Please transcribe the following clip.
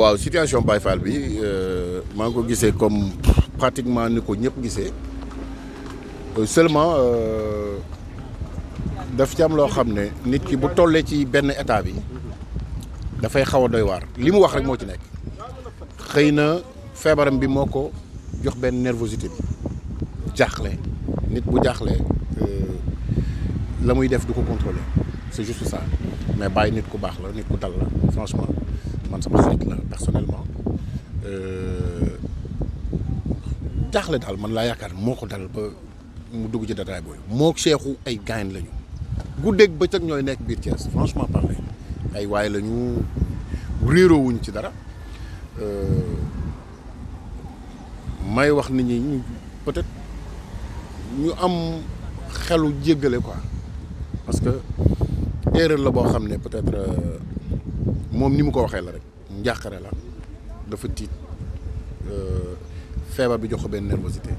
waaw situation Baye Fall bi euh, maa ngi ko gisee comme pratiquement ni ko ñëpp gisee euh, seulement euh, daf ci am loo xam ne nit ki bu tollee ci benn état bi dafay xaw a doy waar li mu wax rek moo ci nekk xëy na feebaram bi moo ko jox benn nervosité bi jaaxle nit bu jaaxle la muy def du ko contrôler c'est juste ça mais bàyyi nit ku baax la nit ku dal la franchement man sama xarit la personnellement euh, jaaxle daal man laa yaakaar moo ko dal ba mu dugg ci dataay booy moo seexu ay gaañ lañu guddeeg bëccëg ñooy nekk biir Thiès franchement parlé ay waaye lañu ñu ci dara euh, may wax nit ñi ñu peut-être ñu am xelu jéggale quoi parce que erreur la boo xam ne peut-être. Euh, moom ni mu ko waxee la rek njàqare la dafa tiit euh, feebar bi jox ko benn nervosité